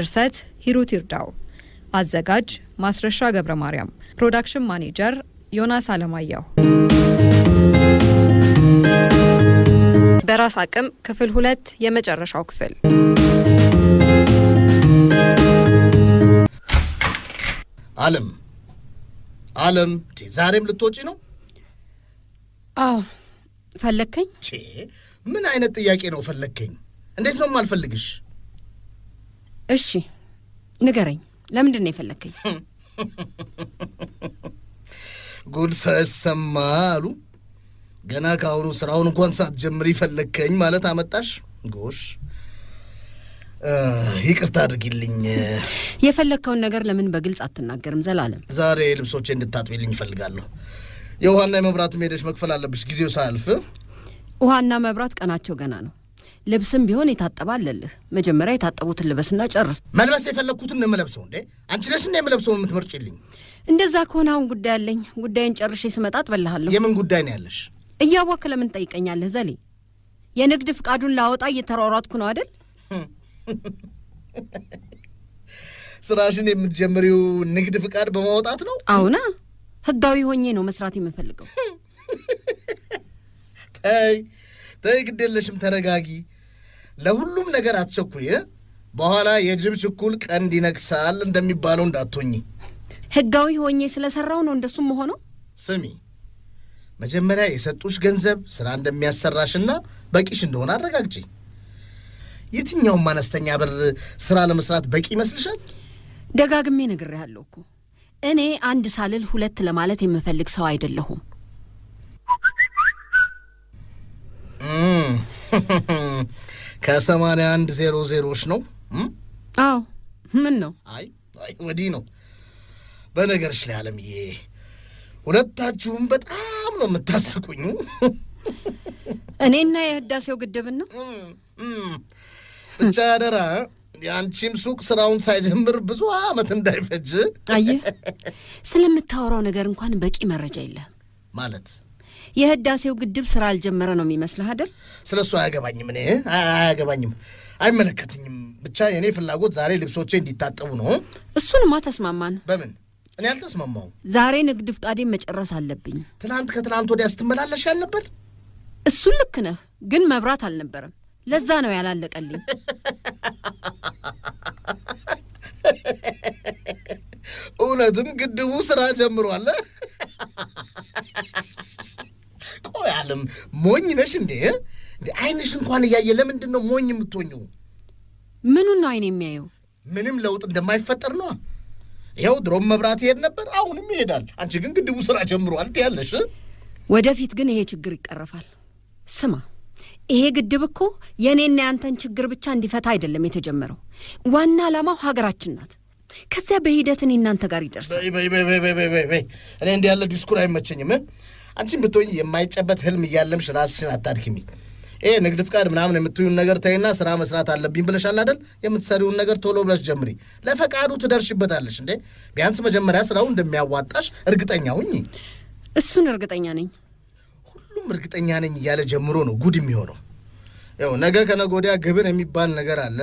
ድርሰት ሂሩት ይርዳው፣ አዘጋጅ ማስረሻ ገብረ ማርያም፣ ፕሮዳክሽን ማኔጀር ዮናስ አለማየሁ። በራስ አቅም ክፍል ሁለት የመጨረሻው ክፍል አለም አለም ዛሬም ልትወጪ ነው? አዎ። ፈለግከኝ? ምን አይነት ጥያቄ ነው ፈለግከኝ? እንዴት ነው የማልፈልግሽ? እሺ ንገረኝ፣ ለምንድን ነው የፈለግከኝ? ጉድ ሳይሰማ አሉ። ገና ከአሁኑ ስራውን እንኳን ጀምር ይፈለግከኝ ማለት አመጣሽ? ጎሽ ይቅርታ አድርጊልኝ። የፈለግከውን ነገር ለምን በግልጽ አትናገርም? ዘላለም ዛሬ ልብሶቼ እንድታጥቢልኝ እፈልጋለሁ። የውሃና የመብራት ሄደሽ መክፈል አለብሽ ጊዜው ሳያልፍ። ውሃና መብራት ቀናቸው ገና ነው። ልብስም ቢሆን የታጠበ አለልህ። መጀመሪያ የታጠቡትን ልበስና ጨርስ። መልበስ የፈለግኩትን ነው የምለብሰው። እንዴ አንቺ ነሽ እና የምለብሰው የምትመርጭልኝ? እንደዛ ከሆነ አሁን ጉዳይ አለኝ። ጉዳይን ጨርሼ ስመጣ ጥበልሃለሁ። የምን ጉዳይ ነው ያለሽ? እያወክ ለምን ጠይቀኛለህ? ዘሌ የንግድ ፍቃዱን ላወጣ እየተሯሯጥኩ ነው አደል? ስራሽን የምትጀምሪው ንግድ ፍቃድ በማውጣት ነው? አሁና ህጋዊ ሆኜ ነው መስራት የምፈልገው። ተይ ተይ፣ ግድ የለሽም፣ ተረጋጊ። ለሁሉም ነገር አትቸኩይ፣ በኋላ የጅብ ችኩል ቀንድ ይነክሳል እንደሚባለው እንዳትሆኝ። ህጋዊ ሆኜ ስለሰራው ነው እንደሱም መሆኑ። ስሚ፣ መጀመሪያ የሰጡሽ ገንዘብ ስራ እንደሚያሰራሽና በቂሽ እንደሆነ አረጋግጪ። የትኛውም አነስተኛ ብር ስራ ለመስራት በቂ ይመስልሻል? ደጋግሜ ነግሬሃለሁ እኮ እኔ አንድ ሳልል ሁለት ለማለት የምፈልግ ሰው አይደለሁም። ከሰማንያ አንድ ዜሮ ዜሮች ነው። አዎ ምን ነው? አይ አይ ወዲህ ነው። በነገርሽ ላይ አለምዬ ሁለታችሁም በጣም ነው የምታስቁኝ። እኔና የህዳሴው ግድብን ነው ብቻ ያደራ የአንቺም ሱቅ ስራውን ሳይጀምር ብዙ አመት እንዳይፈጅ። አየህ፣ ስለምታወራው ነገር እንኳን በቂ መረጃ የለህም ማለት የህዳሴው ግድብ ስራ አልጀመረ ነው የሚመስልህ አይደል? ስለ እሱ አያገባኝም፣ እኔ አያገባኝም፣ አይመለከትኝም። ብቻ የእኔ ፍላጎት ዛሬ ልብሶቼ እንዲታጠቡ ነው። እሱንማ ተስማማን። በምን እኔ አልተስማማው። ዛሬ ንግድ ፍቃዴን መጨረስ አለብኝ። ትናንት ከትናንት ወዲያ ስትመላለሽ ያልነበር? እሱን ልክ ነህ፣ ግን መብራት አልነበረም። ለዛ ነው ያላለቀልኝ። እውነትም ግድቡ ስራ ጀምሯል። ቆይ ሞኝ ነሽ እንዴ? እንዴ አይንሽ እንኳን እያየ ለምንድን ነው ሞኝ የምትሆኝው? ምኑን ነው አይን የሚያየው? ምንም ለውጥ እንደማይፈጠር ነዋ። ይኸው ድሮም መብራት ይሄድ ነበር፣ አሁንም ይሄዳል። አንቺ ግን ግድቡ ስራ ጀምሯል ትያለሽ። ወደፊት ግን ይሄ ችግር ይቀረፋል። ስማ ይሄ ግድብ እኮ የእኔና ያንተን ችግር ብቻ እንዲፈታ አይደለም የተጀመረው። ዋና ዓላማው ሀገራችን ናት። ከዚያ በሂደት እኔ እናንተ ጋር ይደርሳል። እኔ እንዲህ ያለ ዲስኩር አይመቸኝም። አንቺም ብትሆኝ የማይጨበት ህልም እያለምሽ ራስሽን አታድክሚ። ይሄ ንግድ ፍቃድ ምናምን የምትዩን ነገር ተይና ስራ መስራት አለብኝ ብለሻል አይደል? የምትሰሪውን ነገር ቶሎ ብለሽ ጀምሪ። ለፈቃዱ ትደርሽበታለሽ እንዴ። ቢያንስ መጀመሪያ ስራው እንደሚያዋጣሽ እርግጠኛ ሁኚ። እሱን እርግጠኛ ነኝ። ሁሉም እርግጠኛ ነኝ እያለ ጀምሮ ነው ጉድ የሚሆነው። ያው ነገ ከነገ ወዲያ ግብር የሚባል ነገር አለ።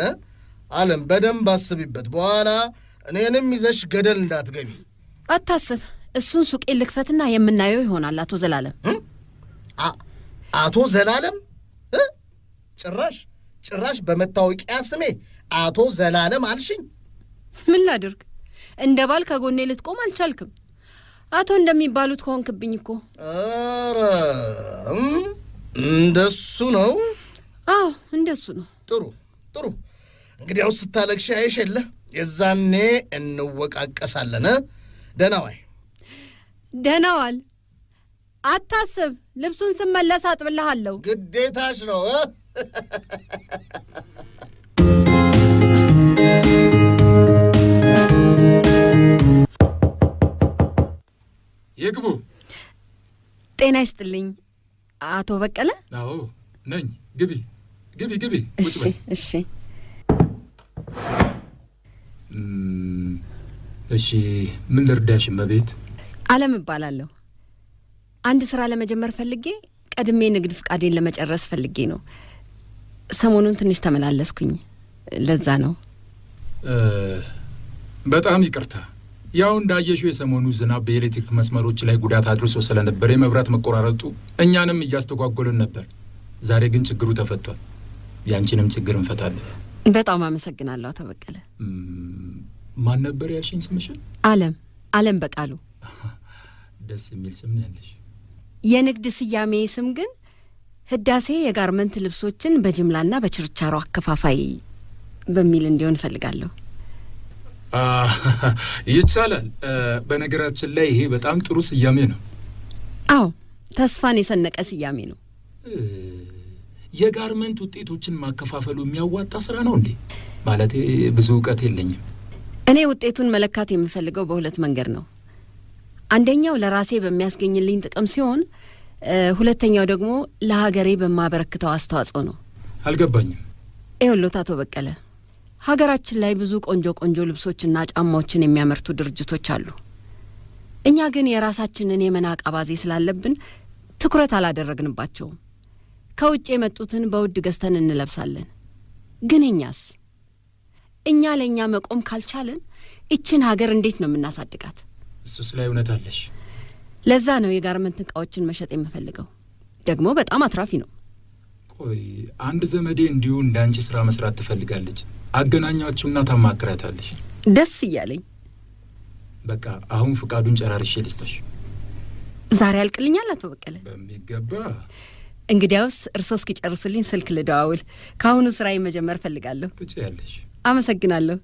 አለም በደንብ አስቢበት። በኋላ እኔንም ይዘሽ ገደል እንዳትገቢ አታስብ። እሱን ሱቄ ልክፈትና የምናየው ይሆናል። አቶ ዘላለም አቶ ዘላለም ጭራሽ ጭራሽ በመታወቂያ ስሜ አቶ ዘላለም አልሽኝ። ምን ላድርግ? እንደ ባል ከጎኔ ልትቆም አልቻልክም። አቶ እንደሚባሉት ከሆንክብኝ እኮ። ኧረ እንደሱ ነው። አዎ እንደሱ ነው። ጥሩ ጥሩ። እንግዲያው ስታለቅሽ አይሽ የለ የዛኔ እንወቃቀሳለን። ደህና ዋይ ደህና ዋል። አታስብ፣ ልብሱን ስመለስ አጥብልሃለሁ። ግዴታሽ ነው። ይግቡ። ጤና ይስጥልኝ አቶ በቀለ። አዎ ነኝ። ግቢ ግቢ ግቢ። እሺ እሺ እሺ። ምን ልርዳሽ እመቤት? አለም እባላለሁ። አንድ ስራ ለመጀመር ፈልጌ ቀድሜ ንግድ ፍቃዴን ለመጨረስ ፈልጌ ነው። ሰሞኑን ትንሽ ተመላለስኩኝ፣ ለዛ ነው። በጣም ይቅርታ። ያው እንዳየሽው የሰሞኑ ዝናብ በኤሌክትሪክ መስመሮች ላይ ጉዳት አድርሶ ስለነበር የመብራት መቆራረጡ እኛንም እያስተጓጎልን ነበር። ዛሬ ግን ችግሩ ተፈቷል። ያንቺንም ችግር እንፈታለን። በጣም አመሰግናለሁ አቶ በቀለ። ማን ነበር ያልሽኝ ስምሽን? አለም አለም በቃሉ ደስ የሚል ስም ነው ያለሽ። የንግድ ስያሜ ስም ግን ህዳሴ የጋርመንት ልብሶችን በጅምላና በችርቻሮ አከፋፋይ በሚል እንዲሆን እፈልጋለሁ። ይቻላል። በነገራችን ላይ ይሄ በጣም ጥሩ ስያሜ ነው። አዎ፣ ተስፋን የሰነቀ ስያሜ ነው። የጋርመንት ውጤቶችን ማከፋፈሉ የሚያዋጣ ስራ ነው እንዴ? ማለት ብዙ እውቀት የለኝም እኔ። ውጤቱን መለካት የምፈልገው በሁለት መንገድ ነው። አንደኛው ለራሴ በሚያስገኝልኝ ጥቅም ሲሆን፣ ሁለተኛው ደግሞ ለሀገሬ በማበረክተው አስተዋጽኦ ነው። አልገባኝም። ይኸውልዎት አቶ በቀለ ሀገራችን ላይ ብዙ ቆንጆ ቆንጆ ልብሶችና ጫማዎችን የሚያመርቱ ድርጅቶች አሉ። እኛ ግን የራሳችንን የመናቅ አባዜ ስላለብን ትኩረት አላደረግንባቸውም። ከውጭ የመጡትን በውድ ገዝተን እንለብሳለን። ግን እኛስ እኛ ለእኛ መቆም ካልቻለን? ይችን ሀገር እንዴት ነው የምናሳድጋት? እሱስ ላይ እውነት አለሽ። ለዛ ነው የጋርመንት እቃዎችን መሸጥ የምፈልገው። ደግሞ በጣም አትራፊ ነው። ቆይ አንድ ዘመዴ እንዲሁ እንደ አንቺ ስራ መስራት ትፈልጋለች። አገናኛችሁና ታማክራታለሽ። ደስ እያለኝ በቃ አሁን ፍቃዱን ጨራርሼ ልስጥሽ። ዛሬ ያልቅልኛል አቶ በቀለ። በሚገባ እንግዲያውስ እርሶ እስኪጨርሱልኝ ስልክ ልደዋውል። ከአሁኑ ስራዬ መጀመር እፈልጋለሁ። ያለሽ። አመሰግናለሁ።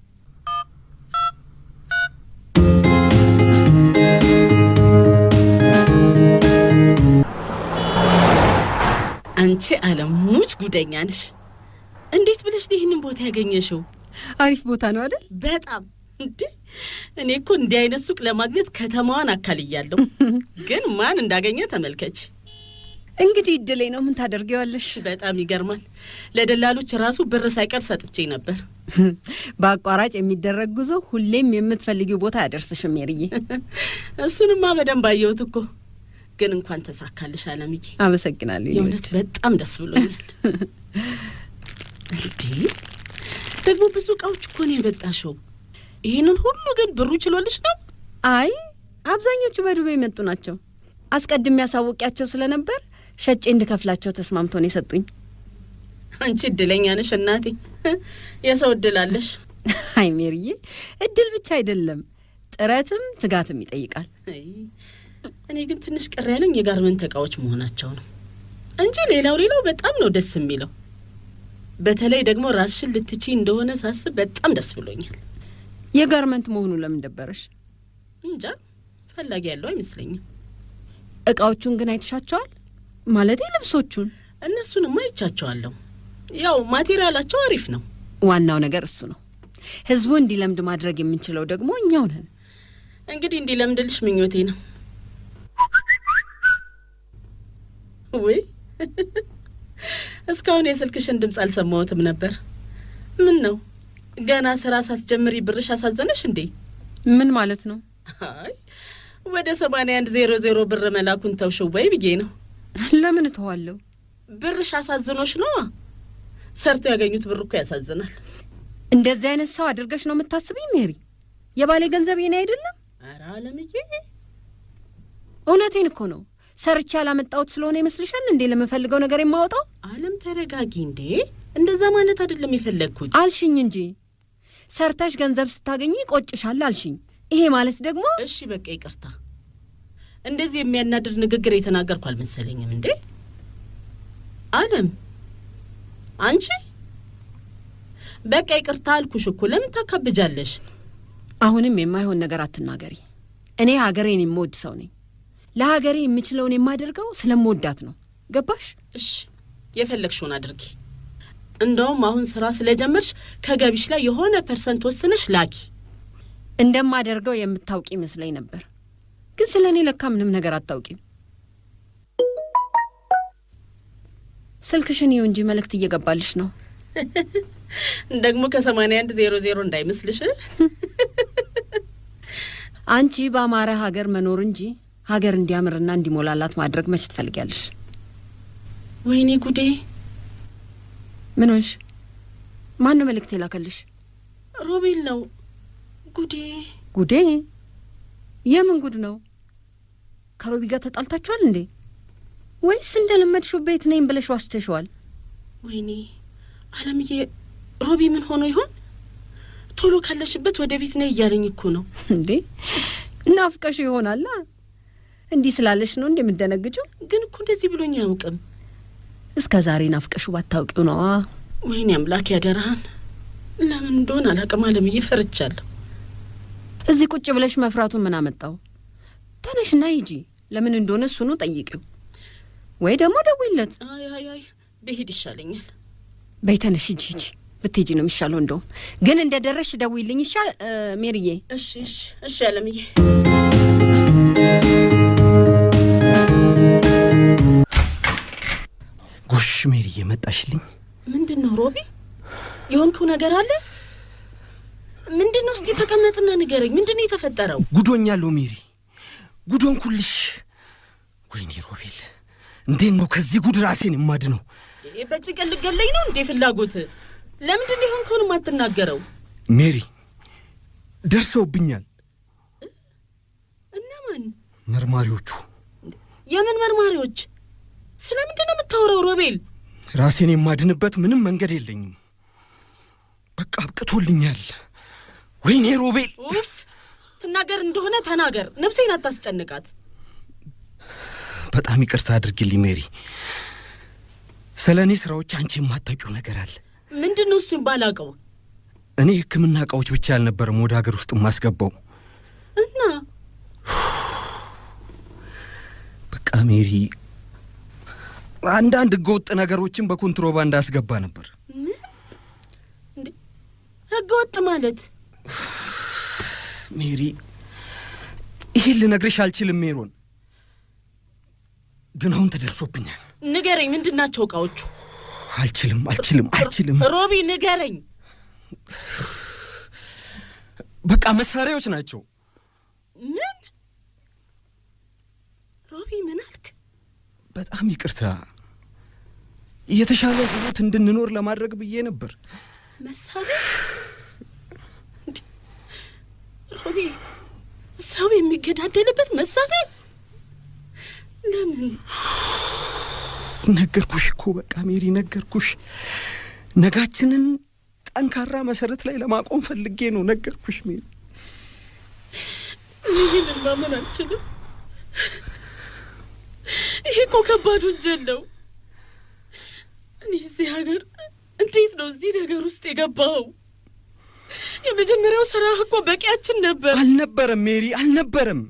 አንቺ አለም ሙች ጉደኛ ነሽ። እንዴት ብለሽ ነው ይህንን ቦታ ያገኘሽው? አሪፍ ቦታ ነው አይደል? በጣም እንዴ! እኔ እኮ እንዲህ አይነት ሱቅ ለማግኘት ከተማዋን አካልያለሁ። ግን ማን እንዳገኘ ተመልከች። እንግዲህ እድሌ ነው። ምን ታደርጊዋለሽ? በጣም ይገርማል። ለደላሎች ራሱ ብር ሳይቀር ሰጥቼ ነበር። በአቋራጭ የሚደረግ ጉዞ ሁሌም የምትፈልጊው ቦታ አያደርስሽም ሜሪዬ። እሱንማ በደንብ አየሁት እኮ። ግን እንኳን ተሳካልሽ አለምዬ። አመሰግናለሁ። የእውነት በጣም ደስ ብሎኛል። እንዴ ደግሞ ብዙ እቃዎች እኮ ነው የመጣሽው። ይህንን ሁሉ ግን ብሩ ችሎልሽ ነው? አይ አብዛኞቹ በዱቤ የመጡ ናቸው። አስቀድሜ ያሳውቂያቸው ስለነበር ሸጬ እንድከፍላቸው ተስማምቶ ነው የሰጡኝ። አንቺ እድለኛ ነሽ እናቴ፣ የሰው እድል አለሽ። አይ ሜሪዬ፣ እድል ብቻ አይደለም ጥረትም ትጋትም ይጠይቃል። እኔ ግን ትንሽ ቅር ያለኝ የጋርመንት እቃዎች መሆናቸው ነው እንጂ ሌላው ሌላው በጣም ነው ደስ የሚለው። በተለይ ደግሞ ራስሽን ልትቺ እንደሆነ ሳስብ በጣም ደስ ብሎኛል። የጋርመንት መሆኑ ለምን ደበረሽ? እንጃ ፈላጊ ያለው አይመስለኝም። እቃዎቹን ግን አይተሻቸዋል? ማለቴ ልብሶቹን። እነሱንማ አይቻቸዋለሁ። ያው ማቴሪያላቸው አሪፍ ነው። ዋናው ነገር እሱ ነው። ህዝቡ እንዲለምድ ማድረግ የምንችለው ደግሞ እኛው ነን። እንግዲህ እንዲለምድልሽ ምኞቴ ነው። ወይ እስካሁን የስልክሽን ድምፅ አልሰማሁትም ነበር። ምን ነው ገና ስራ ሳትጀምሪ ብርሽ አሳዘነሽ እንዴ? ምን ማለት ነው? አይ ወደ ሰማንያ አንድ ዜሮ ዜሮ ብር መላኩን ተውሽው ወይ ብዬ ነው። ለምን እተዋለሁ? ብርሽ አሳዝኖች ነው። ሰርተው ያገኙት ብር እኮ ያሳዝናል። እንደዚህ አይነት ሰው አድርገሽ ነው የምታስብኝ ሜሪ? የባሌ ገንዘብ የኔ አይደለም። አለም አለምዬ፣ እውነቴን እኮ ነው። ሰርቼ ያላመጣሁት ስለሆነ ይመስልሻል እንዴ ለምፈልገው ነገር የማወጣው? አለም ተረጋጊ። እንዴ እንደዛ ማለት አይደለም የፈለግኩት አልሽኝ እንጂ ሰርተሽ ገንዘብ ስታገኝ ቆጭሻል አልሽኝ። ይሄ ማለት ደግሞ እሺ በቃ ይቅርታ እንደዚህ የሚያናድር ንግግር የተናገርኩ አልመሰለኝም እንዴ አለም አንቺ በቃ ይቅርታ አልኩሽ እኮ ለምን ታካብጃለሽ አሁንም የማይሆን ነገር አትናገሪ እኔ ሀገሬን የምወድ ሰው ነኝ ለሀገሬ የምችለውን የማደርገው ስለምወዳት ነው ገባሽ እሽ የፈለግሽውን አድርጊ እንደውም አሁን ስራ ስለጀመርሽ ከገቢሽ ላይ የሆነ ፐርሰንት ወስነሽ ላኪ እንደማደርገው የምታውቂ ይመስለኝ ነበር ግን ስለ እኔ ለካ ምንም ነገር አታውቂም። ስልክሽን ይኸው እንጂ መልእክት እየገባልሽ ነው። ደግሞ ከሰማንያ አንድ ዜሮ ዜሮ እንዳይመስልሽ። አንቺ በአማረ ሀገር መኖር እንጂ ሀገር እንዲያምርና እንዲሞላላት ማድረግ መች ትፈልጊያለሽ? ወይኔ ጉዴ! ምን ሆንሽ? ማን ነው መልእክት የላከልሽ? ሮቤል ነው። ጉዴ ጉዴ! የምን ጉድ ነው? ከሮቢ ጋር ተጣልታችኋል እንዴ? ወይስ እንደለመድሽው ቤት ነይም ብለሽ ዋስተሸዋል? ወይኔ አለምዬ፣ ሮቢ ምን ሆኖ ይሆን? ቶሎ ካለሽበት ወደ ቤት ነይ እያለኝ እኮ ነው። እንዴ ናፍቀሽ ይሆናላ። እንዲህ ስላለሽ ነው እንደምደነግጨው። ግን እኮ እንደዚህ ብሎኝ አያውቅም። እስከ ዛሬ ናፍቀሹ ባታውቂው ነዋ። ወይኔ አምላክ ያደራህን። ለምን እንደሆን አላቅም አለምዬ፣ ፈርቻለሁ። እዚህ ቁጭ ብለሽ መፍራቱን ምን አመጣው? ተነሽና ሂጂ። ለምን እንደሆነ እሱኑ ጠይቂው፣ ወይ ደግሞ ደውይለት። ብሄድ ይሻለኛል። በይ ተነሽ፣ ሂጂ ሂጂ። ብትሄጂ ነው የሚሻለው። እንደውም ግን እንደ ደረሽ ደውይልኝ ይሻል ሜርዬ። እሺ እሺ እሺ አለምዬ። ጎሽ ሜርዬ መጣሽልኝ። ምንድን ነው ሮቢ፣ የሆንከው ነገር አለ? ምንድን ነው? እስኪ ተቀመጥና ንገረኝ። ምንድን ነው የተፈጠረው? ጉዶኛለሁ ሜሪ፣ ጉዶን ኩልሽ። ወይኔ ሮቤል፣ እንዴት ነው ከዚህ ጉድ ራሴን የማድነው? በጭቅል ልገለኝ ነው እንዴ ፍላጎት? ለምንድን ነው ይሆን ከሆን የማትናገረው? ሜሪ፣ ደርሰውብኛል። እነማን? መርማሪዎቹ። የምን መርማሪዎች? ስለምንድን ነው የምታወራው ሮቤል? ራሴን የማድንበት ምንም መንገድ የለኝም። በቃ አብቅቶልኛል። ወይኔ ሮቤል፣ ኡፍ ትናገር እንደሆነ ተናገር፣ ነፍሴን አታስጨንቃት። በጣም ይቅርታ አድርግልኝ ሜሪ። ስለ እኔ ስራዎች አንቺ የማታውቂው ነገር አለ። ምንድን ነው እሱን ባላውቀው? እኔ ሕክምና እቃዎች ብቻ ያልነበረም ወደ ሀገር ውስጥ የማስገባው እና በቃ ሜሪ፣ አንዳንድ ህገወጥ ነገሮችን በኮንትሮባንድ አስገባ ነበር። ህገወጥ ማለት? ሜሪ፣ ይሄን ልነግርሽ አልችልም ሜሮን፣ ግን አሁን ተደርሶብኛል። ንገረኝ፣ ምንድን ናቸው እቃዎቹ? አልችልም፣ አልችልም፣ አልችልም። ሮቢ ንገረኝ። በቃ መሳሪያዎች ናቸው። ምን? ሮቢ ምን አልክ? በጣም ይቅርታ። የተሻለ ህይወት እንድንኖር ለማድረግ ብዬ ነበር። መሳሪያ ሰው የሚገዳደልበት መሳሪያ ለምን? ነገርኩሽ እኮ በቃ ሜሪ፣ ነገርኩሽ። ነጋችንን ጠንካራ መሰረት ላይ ለማቆም ፈልጌ ነው። ነገርኩሽ ሜሪ። ይህንን ማመን አልችልም። ይሄ እኮ ከባድ ወንጀል ነው። እኔ እዚህ ሀገር እንዴት ነው እዚህ ነገር ውስጥ የገባኸው? የመጀመሪያው ስራህ እኮ በቂያችን ነበር። አልነበረም ሜሪ፣ አልነበረም።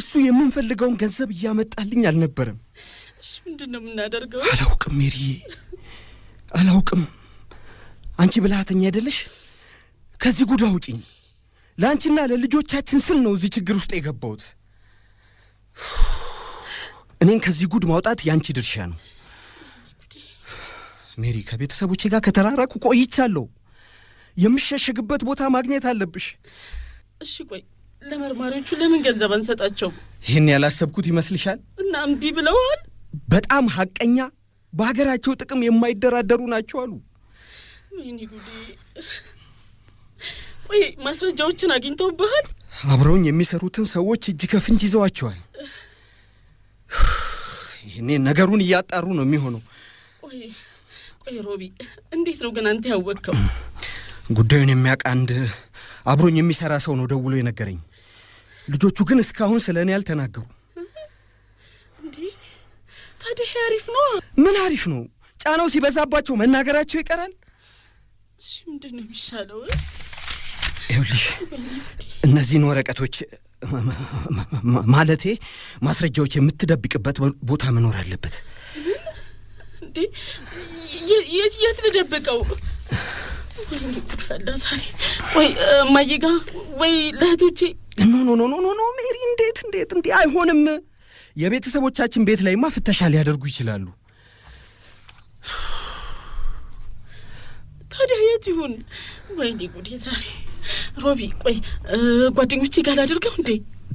እሱ የምንፈልገውን ገንዘብ እያመጣልኝ አልነበረም። እሺ ምንድን ነው የምናደርገው? አላውቅም ሜሪ፣ አላውቅም። አንቺ ብልሃተኛ አይደለሽ? ከዚህ ጉዳ አውጪኝ። ለአንቺና ለልጆቻችን ስል ነው እዚህ ችግር ውስጥ የገባሁት። እኔን ከዚህ ጉድ ማውጣት የአንቺ ድርሻ ነው ሜሪ። ከቤተሰቦቼ ጋር ከተራራኩ ቆይቻለሁ። የምሸሸግበት ቦታ ማግኘት አለብሽ። እሺ፣ ቆይ ለመርማሪዎቹ ለምን ገንዘብ አንሰጣቸው ይህን ያላሰብኩት ይመስልሻል? እና እምቢ ብለዋል። በጣም ሀቀኛ በሀገራቸው ጥቅም የማይደራደሩ ናቸው አሉ። ወይኔ ጉዴ! ቆይ ማስረጃዎችን አግኝተውብሃል? አብረውኝ የሚሰሩትን ሰዎች እጅ ከፍንጅ ይዘዋቸዋል። ይህኔ ነገሩን እያጣሩ ነው የሚሆነው። ቆይ ቆይ፣ ሮቢ እንዴት ነው ግን አንተ ያወቅከው? ጉዳዩን የሚያውቅ አንድ አብሮኝ የሚሰራ ሰው ነው ደውሎ የነገረኝ። ልጆቹ ግን እስካሁን ስለ እኔ አልተናገሩም። እንዴ ታዲያ አሪፍ ነው። ምን አሪፍ ነው? ጫናው ሲበዛባቸው መናገራቸው ይቀራል። እሺ ምንድን ነው የሚሻለው? ይኸውልሽ እነዚህን ወረቀቶች ማለቴ ማስረጃዎች የምትደብቅበት ቦታ መኖር አለበት። እንዴ የት ልደብቀው? ወይ እማዬ ጋ ወይ ለእህቶቼ። ኖ ኖ ኖ ኖ ኖ ሜሪ፣ እንዴት እንዴት እንዲህ አይሆንም። የቤተሰቦቻችን ቤት ላይማ ፍተሻ ሊያደርጉ ይችላሉ። ታዲያ የት ይሁን? ወይኔ ጉዴ ዛሬ። ሮቢ ቆይ ጓደኞቼ ጋር ላድርገው እንዴ?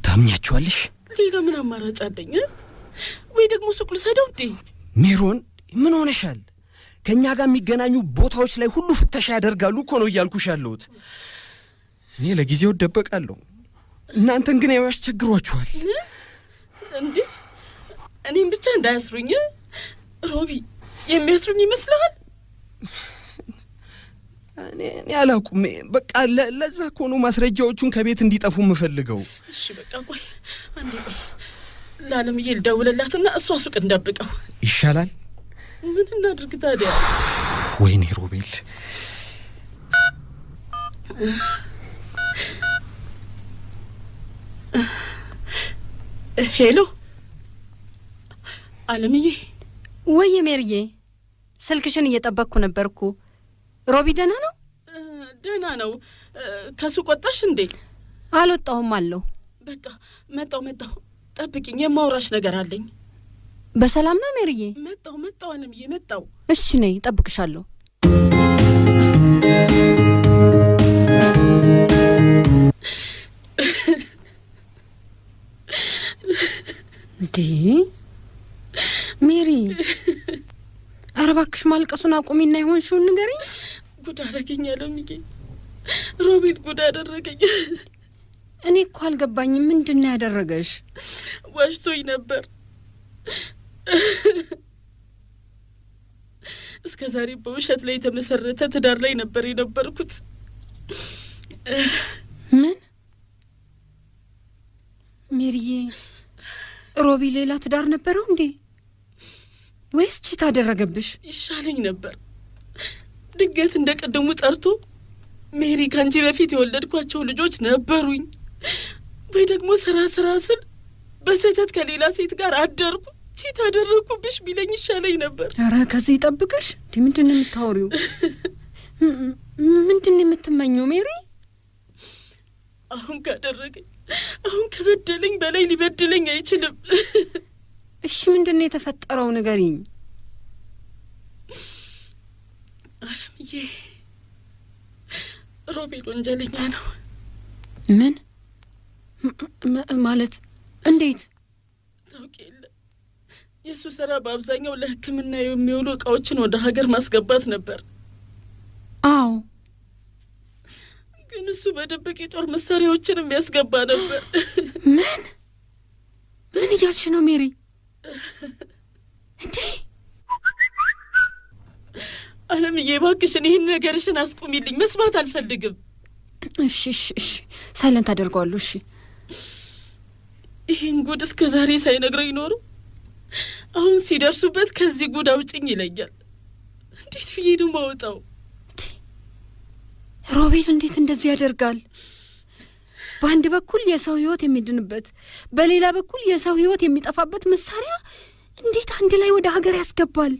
ታምኛችኋለሽ? ሌላ ምን አማራጭ አለኝ? ወይ ደግሞ ሱቅ ልሰደው እንዴ? ሜሮን ምን ሆነሻል? ከእኛ ጋር የሚገናኙ ቦታዎች ላይ ሁሉ ፍተሻ ያደርጋሉ እኮ ነው እያልኩሽ ያለሁት። እኔ ለጊዜው እደበቃለሁ፣ እናንተን ግን ያው ያስቸግሯችኋል። እንዴ እኔም ብቻ እንዳያስሩኝ ሮቢ፣ የሚያስሩኝ ይመስልሃል? እኔ አላውቁም። በቃ ለዛ ከሆኑ ማስረጃዎቹን ከቤት እንዲጠፉ የምፈልገው። እሺ በቃ ቆይ አንዴ ቆይ፣ ለዓለምዬ ልደውልላትና እሷ ሱቅ እንደብቀው ይሻላል። ምን እናድርግ ታዲያ? ወይኔ ሮቤል፣ ሄሎ አለምዬ። ወይ ሜርዬ፣ ስልክሽን እየጠበቅኩ ነበርኩ። ሮቢ ደህና ነው? ደህና ነው። ከሱቅ ወጣሽ እንዴ? አልወጣሁም አለሁ። በቃ መጣሁ መጣሁ። ጠብቅኝ የማውራሽ ነገር አለኝ። በሰላም ነው ሜርዬ? መጣው መጣው አለምዬ መጣው። እሺ ነይ፣ ጠብቅሻለሁ። እንዴ ሜሪ፣ ኧረ እባክሽ ማልቀሱን አቁሚና የሆንሽውን ንገሪኝ። ጉድ አደረገኝ አለምዬ፣ ሮቢን ጉድ አደረገኝ። እኔ እኮ አልገባኝም። ምንድን ነው ያደረገሽ? ዋሽቶኝ ነበር እስከ ዛሬ በውሸት ላይ የተመሰረተ ትዳር ላይ ነበር የነበርኩት። ምን ሜሪዬ፣ ሮቢ ሌላ ትዳር ነበረው እንዴ? ወይስ ቺ ታደረገብሽ? ይሻለኝ ነበር ድንገት እንደ ቀደሙ ጠርቶ ሜሪ፣ ከአንቺ በፊት የወለድኳቸው ልጆች ነበሩኝ ወይ ደግሞ ስራ ስራ ስል በስህተት ከሌላ ሴት ጋር አደርኩ ቺት አደረኩብሽ ቢለኝ ይሻለኝ ነበር። አረ ከዚህ ይጠብቅሽ። እንዲ ምንድን ነው የምታወሪው? ምንድን ነው የምትመኘው ሜሪ? አሁን ካደረገኝ አሁን ከበደለኝ በላይ ሊበድለኝ አይችልም። እሺ ምንድን ነው የተፈጠረው ንገሪኝ። አለምዬ፣ ሮቤል ወንጀለኛ ነው። ምን ማለት? እንዴት ታውቂ የለ የእሱ ስራ በአብዛኛው ለሕክምና የሚውሉ እቃዎችን ወደ ሀገር ማስገባት ነበር። አዎ፣ ግን እሱ በድብቅ የጦር መሳሪያዎችንም ያስገባ ነበር። ምን ምን እያልሽ ነው ሜሪ? እንዴ አለምዬ፣ እባክሽን ይህን ነገርሽን አስቁሚልኝ። መስማት አልፈልግም። እሺ፣ እሺ፣ እሺ፣ ሳይለንት አደርገዋለሁ። እሺ፣ ይህን ጉድ እስከ ዛሬ ሳይነግረኝ ኖሩ አሁን ሲደርሱበት ከዚህ ጉድ አውጭኝ ይለኛል። እንዴት ብዬ ነው ማውጣው? ሮቤል እንዴት እንደዚህ ያደርጋል? በአንድ በኩል የሰው ህይወት የሚድንበት በሌላ በኩል የሰው ህይወት የሚጠፋበት መሳሪያ እንዴት አንድ ላይ ወደ ሀገር ያስገባል?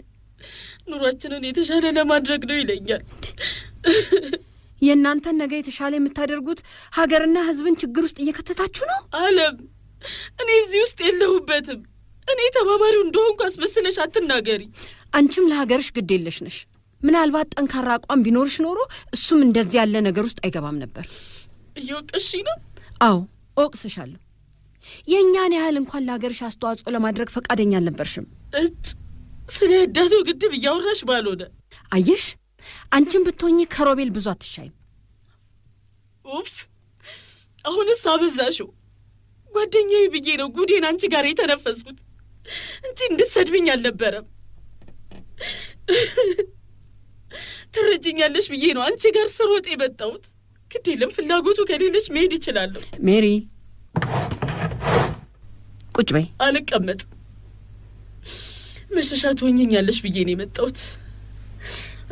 ኑሯችንን የተሻለ ለማድረግ ነው ይለኛል። የእናንተን ነገ የተሻለ የምታደርጉት ሀገርና ህዝብን ችግር ውስጥ እየከተታችሁ ነው። አለም እኔ እዚህ ውስጥ የለሁበትም። እኔ ተባባሪው እንደሆንኩ አስመስለሽ አትናገሪ። አንቺም ለሀገርሽ ግድ የለሽ ነሽ። ምናልባት ጠንካራ አቋም ቢኖርሽ ኖሮ እሱም እንደዚህ ያለ ነገር ውስጥ አይገባም ነበር። እየወቀሽ ነው? አዎ እወቅስሻለሁ። የእኛን ያህል እንኳን ለሀገርሽ አስተዋጽኦ ለማድረግ ፈቃደኛ አልነበርሽም። እጭ ስለ ህዳሴው ግድብ እያወራሽ ባልሆነ። አየሽ፣ አንቺም ብትሆኚ ከሮቤል ብዙ አትሻይም። ኡፍ፣ አሁንስ አበዛሽው። ጓደኛዬ ብዬ ነው ጉዴን አንቺ ጋር የተነፈስኩት። እንጂ እንድትሰድብኝ አልነበረም። ትረጅኛለሽ ብዬ ነው አንቺ ጋር ስሮጥ የመጣሁት። ግድ የለም ፍላጎቱ ከሌለች መሄድ ይችላለሁ። ሜሪ ቁጭ በይ። አልቀመጥ መሸሻ ትሆኝኛለሽ ብዬ ነው የመጣሁት።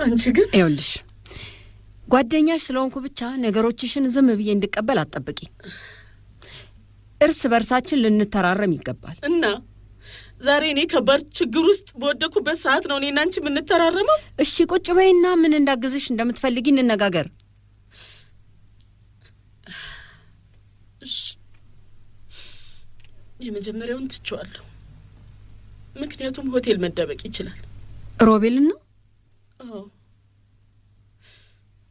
አንቺ ግን ይኸውልሽ፣ ጓደኛሽ ስለሆንኩ ብቻ ነገሮችሽን ዝም ብዬ እንድቀበል አትጠብቂ። እርስ በርሳችን ልንተራረም ይገባል እና ዛሬ እኔ ከባድ ችግር ውስጥ በወደኩበት ሰዓት ነው እኔ እና አንቺ የምንተራረመው። እሺ ቁጭ በይና ምን እንዳግዝሽ እንደምትፈልጊ እንነጋገር። የመጀመሪያውን ትችዋለሁ፣ ምክንያቱም ሆቴል መደበቅ ይችላል። ሮቤልን ነው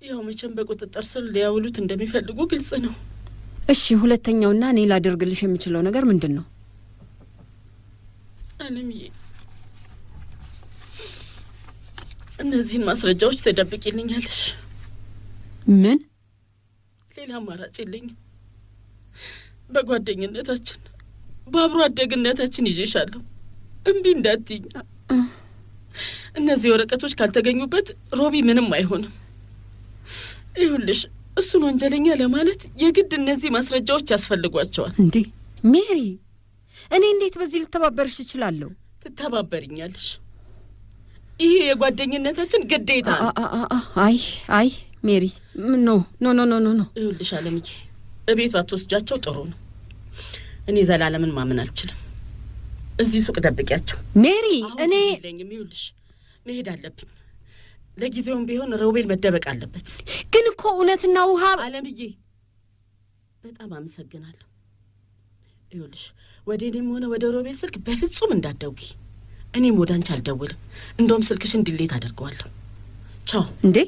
ያው መቼም በቁጥጥር ስር ሊያውሉት እንደሚፈልጉ ግልጽ ነው። እሺ ሁለተኛውና እኔ ላደርግልሽ የምችለው ነገር ምንድን ነው? አለምዬ እነዚህን ማስረጃዎች ትደብቂልኛለሽ? ምን ሌላ አማራጭ የለኝም። በጓደኝነታችን በአብሮ አደግነታችን ይዤሻለሁ። እምቢ እንዳትይኝ። እነዚህ ወረቀቶች ካልተገኙበት ሮቢ ምንም አይሆንም። ይሁልሽ እሱን ወንጀለኛ ለማለት የግድ እነዚህ ማስረጃዎች ያስፈልጓቸዋል። እንዴ ሜሪ እኔ እንዴት በዚህ ልተባበርሽ እችላለሁ? ትተባበርኛለሽ። ይሄ የጓደኝነታችን ግዴታ አይ አይ ሜሪ ኖ ኖ ኖ ኖ ኖ። ይኸውልሽ አለምዬ እቤት ባትወስጃቸው ጥሩ ነው። እኔ ዘላለምን ማመን አልችልም። እዚህ ሱቅ ደብቂያቸው። ሜሪ እኔ ለኝም ይኸውልሽ መሄድ አለብኝ። ለጊዜውም ቢሆን ሮቤል መደበቅ አለበት። ግን እኮ እውነትና ውሃ አለምዬ፣ በጣም አመሰግናለሁ። ይኸውልሽ ወደ እኔም ሆነ ወደ ሮቤል ስልክ በፍጹም እንዳትደውይ። እኔም ወደ አንቺ አልደውልም። እንደውም ስልክሽ እንድሌት አደርገዋለሁ። ቻው። እንዴ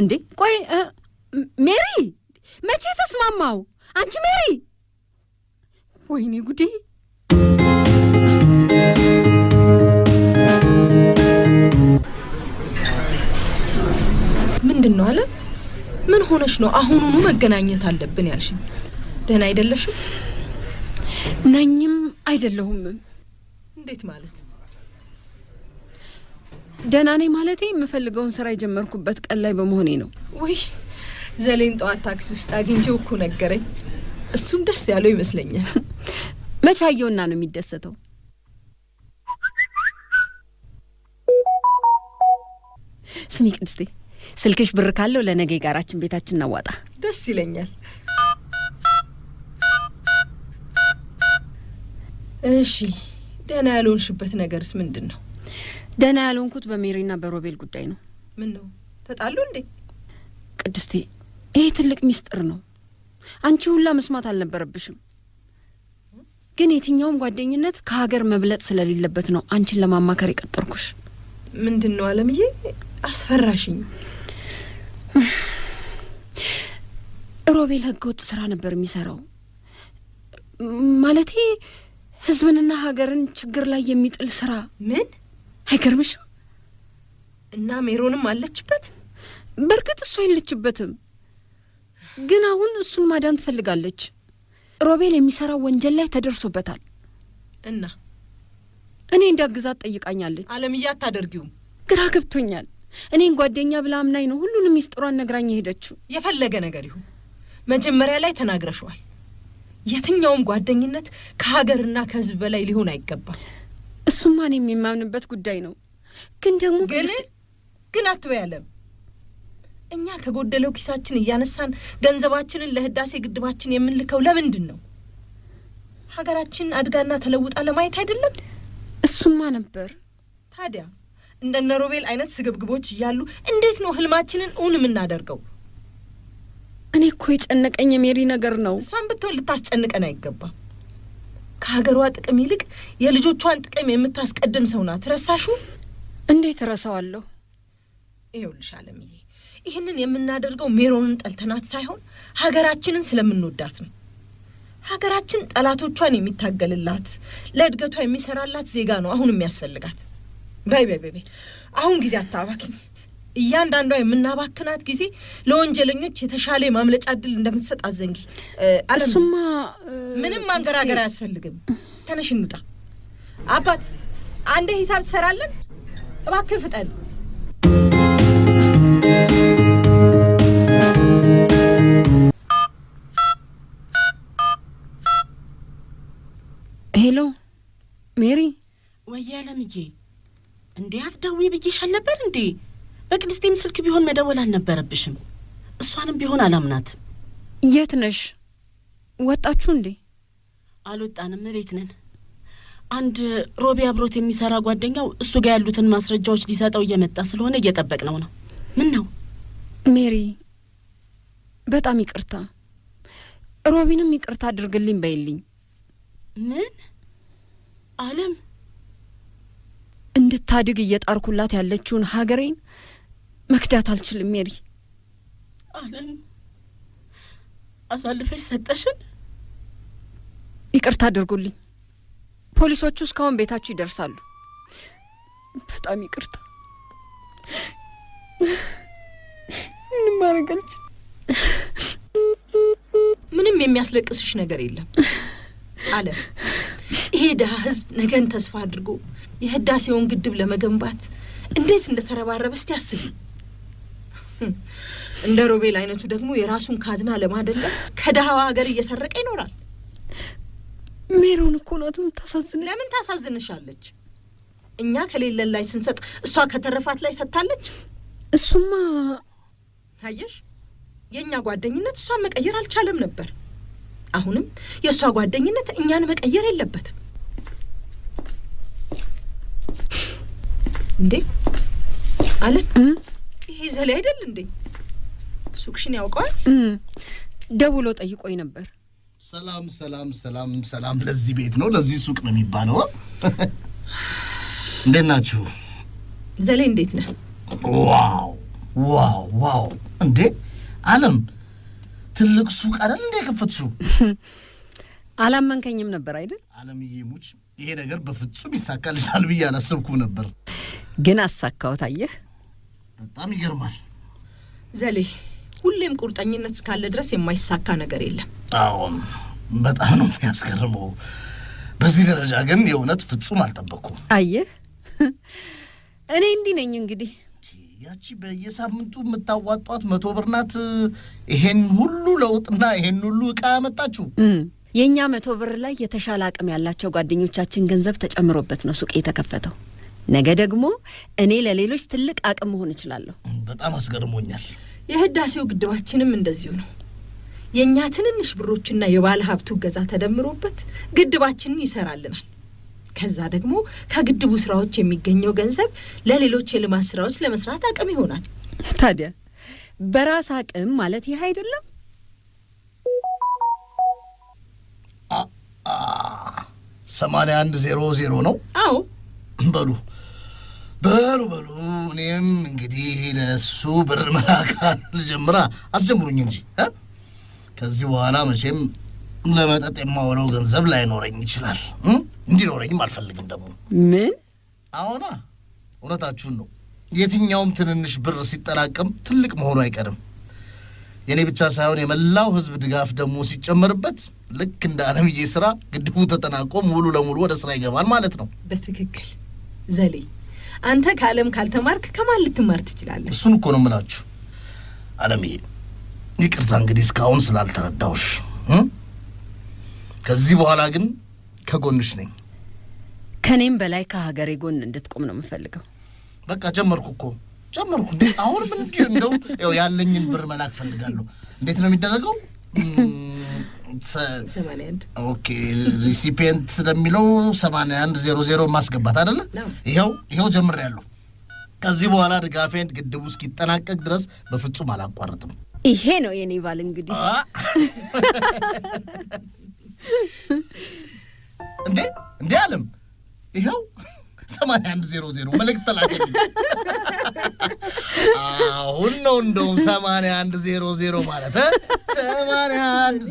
እንዴ፣ ቆይ ሜሪ፣ መቼ ተስማማው? አንቺ ሜሪ፣ ወይኔ ጉዴ! ምንድን ነው አለ? ምን ሆነሽ ነው አሁኑኑ መገናኘት አለብን ያልሽኝ? ደህና አይደለሽም? ነኝም አይደለሁምም። እንዴት ማለት? ደህና ነኝ ማለቴ የምፈልገውን ስራ የጀመርኩበት ቀን ላይ በመሆኔ ነው። ውይ ዘሌን ጠዋት ታክሲ ውስጥ አግኝቼው እኮ ነገረኝ። እሱም ደስ ያለው ይመስለኛል። መቻየውና ነው የሚደሰተው። ስሚ ቅድስቴ፣ ስልክሽ ብር ካለው ለነገ የጋራችን ቤታችን እናዋጣ። ደስ ይለኛል። እሺ ደህና ያልሆንሽበት ነገርስ ምንድን ነው? ደህና ያልሆንኩት በሜሪና በሮቤል ጉዳይ ነው። ምን ነው ተጣሉ እንዴ? ቅድስቴ፣ ይሄ ትልቅ ሚስጥር ነው። አንቺ ሁላ መስማት አልነበረብሽም። ግን የትኛውም ጓደኝነት ከሀገር መብለጥ ስለሌለበት ነው አንቺን ለማማከር የቀጠርኩሽ። ምንድን ነው አለምዬ? አስፈራሽኝ። ሮቤል ህገወጥ ስራ ነበር የሚሰራው ማለቴ ህዝብንና ሀገርን ችግር ላይ የሚጥል ስራ ምን አይገርምሽም? እና ሜሮንም አለችበት። በእርግጥ እሱ አይለችበትም፣ ግን አሁን እሱን ማዳን ትፈልጋለች። ሮቤል የሚሰራው ወንጀል ላይ ተደርሶበታል እና እኔ እንዳግዛት ጠይቃኛለች። አለምዬ አታደርጊውም። ግራ ገብቶኛል። እኔን ጓደኛ ብላ አምናኝ ነው ሁሉንም ሚስጥሯን ነግራኝ የሄደችው። የፈለገ ነገር ይሁን መጀመሪያ ላይ ተናግረሸዋል። የትኛውም ጓደኝነት ከሀገርና ከህዝብ በላይ ሊሆን አይገባም። እሱማ እኔ የሚማምንበት ጉዳይ ነው። ግን ደግሞ ግን ግን አትበያለም እኛ ከጎደለው ኪሳችን እያነሳን ገንዘባችንን ለህዳሴ ግድባችን የምንልከው ለምንድን ነው? ሀገራችን አድጋና ተለውጣ ለማየት አይደለም? እሱማ ነበር። ታዲያ እንደ ሮቤል አይነት ስግብግቦች እያሉ እንዴት ነው ህልማችንን እውን የምናደርገው? እኔ እኮ የጨነቀኝ የሜሪ ነገር ነው። እሷን ብትሆን ልታስጨንቀን አይገባም። ከሀገሯ ጥቅም ይልቅ የልጆቿን ጥቅም የምታስቀድም ሰው ናት። ረሳሹ? እንዴት ረሳዋለሁ? ይኸውልሽ አለምዬ፣ ይህንን የምናደርገው ሜሮንን ጠልተናት ሳይሆን ሀገራችንን ስለምንወዳት ነው። ሀገራችን ጠላቶቿን የሚታገልላት ለእድገቷ የሚሰራላት ዜጋ ነው አሁን የሚያስፈልጋት። በይ በይ በይ፣ አሁን ጊዜ አታባክኝ። እያንዳንዷ የምናባክናት ጊዜ ለወንጀለኞች የተሻለ የማምለጫ እድል እንደምትሰጥ አዘንጊ። እሱማ ምንም ማንገራገር አያስፈልግም። ተነሽ እንውጣ። አባት አንዴ ሂሳብ ትሰራለን። እባክህ ፍጠን። ሄሎ ሜሪ። ወያለምዬ፣ እንዴ አትደውይ ብዬሽ አልነበር እንዴ? በቅድስቴም ስልክ ቢሆን መደወል አልነበረብሽም። እሷንም ቢሆን አላምናትም። የት ነሽ? ወጣችሁ እንዴ? አልወጣንም፣ እቤት ነን። አንድ ሮቢ አብሮት የሚሰራ ጓደኛው እሱ ጋር ያሉትን ማስረጃዎች ሊሰጠው እየመጣ ስለሆነ እየጠበቅ ነው ነው። ምን ነው ሜሪ፣ በጣም ይቅርታ። ሮቢንም ይቅርታ አድርግልኝ በይልኝ። ምን አለም እንድታድግ እየጣርኩላት ያለችውን ሀገሬን መክዳት አልችልም ሜሪ። አለን አሳልፈሽ ሰጠሽን። ይቅርታ አድርጉልኝ። ፖሊሶቹ እስካሁን ቤታችሁ ይደርሳሉ። በጣም ይቅርታ። ምንም ማድረግ አልችልም። ምንም የሚያስለቅስሽ ነገር የለም አለ። ይሄ ድሀ ህዝብ ነገን ተስፋ አድርጎ የህዳሴውን ግድብ ለመገንባት እንዴት እንደተረባረበ እስቲ አስቢ። እንደ ሮቤል አይነቱ ደግሞ የራሱን ካዝና ለማደለም ከድሃዋ ሀገር እየሰረቀ ይኖራል። ሜሮን እኮ ናት የምታሳዝን። ለምን ታሳዝንሻለች? እኛ ከሌለን ላይ ስንሰጥ እሷ ከተረፋት ላይ ሰጥታለች። እሱማ ታየሽ፣ የእኛ ጓደኝነት እሷን መቀየር አልቻለም ነበር። አሁንም የእሷ ጓደኝነት እኛን መቀየር የለበትም። እንዴ አለም ይዘህ ላይ አይደል እንዴ? ሱቅሽን ያውቀዋል። ደውሎ ጠይቆኝ ነበር። ሰላም ሰላም ሰላም ሰላም፣ ለዚህ ቤት ነው ለዚህ ሱቅ ነው የሚባለው። እንዴት ናችሁ? ዘሌ እንዴት ነህ? ዋው ዋው ዋው! እንዴ አለም ትልቅ ሱቅ አይደል እንዴ የከፈትሽው? አላመንከኝም ነበር አይደል? አለምዬ ሙች፣ ይሄ ነገር በፍጹም ይሳካልሻል ብዬ አላሰብኩም ነበር፣ ግን አሳካሁት። አየህ በጣም ይገርማል። ዘሌ ሁሌም ቁርጠኝነት እስካለ ድረስ የማይሳካ ነገር የለም። አዎም በጣም ነው የሚያስገርመው። በዚህ ደረጃ ግን የእውነት ፍጹም አልጠበቅኩም። አየህ እኔ እንዲህ ነኝ እንግዲህ ያቺ በየሳምንቱ የምታዋጧት መቶ ብር ናት። ይሄን ሁሉ ለውጥና ይሄን ሁሉ እቃ ያመጣችሁ የእኛ መቶ ብር ላይ የተሻለ አቅም ያላቸው ጓደኞቻችን ገንዘብ ተጨምሮበት ነው ሱቅ የተከፈተው። ነገ ደግሞ እኔ ለሌሎች ትልቅ አቅም መሆን እችላለሁ። በጣም አስገርሞኛል። የህዳሴው ግድባችንም እንደዚሁ ነው። የእኛ ትንንሽ ብሮችና የባለ ሀብቱ ገዛ ተደምሮበት ግድባችንን ይሰራልናል። ከዛ ደግሞ ከግድቡ ስራዎች የሚገኘው ገንዘብ ለሌሎች የልማት ስራዎች ለመስራት አቅም ይሆናል። ታዲያ በራስ አቅም ማለት ይህ አይደለም? ሰማንያ አንድ ዜሮ ዜሮ ነው። አዎ በሉ በሉ በሉ እኔም እንግዲህ ለእሱ ብር መላካት ልጀምራ አስጀምሩኝ እንጂ ከዚህ በኋላ መቼም ለመጠጥ የማውለው ገንዘብ ላይኖረኝ ይችላል። እንዲኖረኝም አልፈልግም ደግሞ። ምን አሁና እውነታችሁን ነው። የትኛውም ትንንሽ ብር ሲጠራቀም ትልቅ መሆኑ አይቀርም። የእኔ ብቻ ሳይሆን የመላው ሕዝብ ድጋፍ ደግሞ ሲጨመርበት ልክ እንደ አለምዬ ስራ ግድቡ ተጠናቆ ሙሉ ለሙሉ ወደ ስራ ይገባል ማለት ነው። በትክክል ዘሌ አንተ ከዓለም ካልተማርክ ከማን ልትማር ትችላለህ? እሱን እኮ ነው የምላችሁ። አለምዬ፣ ይቅርታ እንግዲህ እስካሁን ስላልተረዳሁሽ። ከዚህ በኋላ ግን ከጎንሽ ነኝ። ከእኔም በላይ ከሀገሬ ጎን እንድትቆም ነው የምፈልገው። በቃ ጀመርኩ እኮ ጀመርኩ። እንዴ አሁን ምን እንዲሁ እንደውም ያለኝን ብር መላክ ፈልጋለሁ። እንዴት ነው የሚደረገው? ኦኬ ሪሲፒየንት ስለሚለው 8100 ማስገባት አደለ? ይኸው ይኸው ጀምሬያለሁ። ከዚህ በኋላ ድጋፌን ግድቡ እስኪጠናቀቅ ድረስ በፍጹም አላቋርጥም። ይሄ ነው የኔ ባል። እንግዲህ እንዴ እንዴ አለም ይኸው 8100 መልእክት ተላከ። አሁን ነው እንደውም 8100 ማለት 8100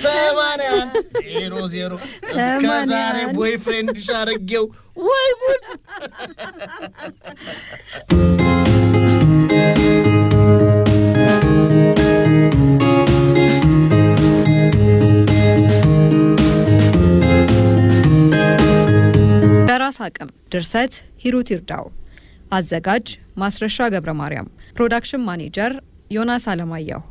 8100 እስከ ዛሬ ቦይፍሬንድ ሻረጌው ወይ ጉድ በራስ አቅም ድርሰት ሂሩት ይርዳው፣ አዘጋጅ ማስረሻ ገብረ ማርያም፣ ፕሮዳክሽን ማኔጀር ዮናስ አለማየሁ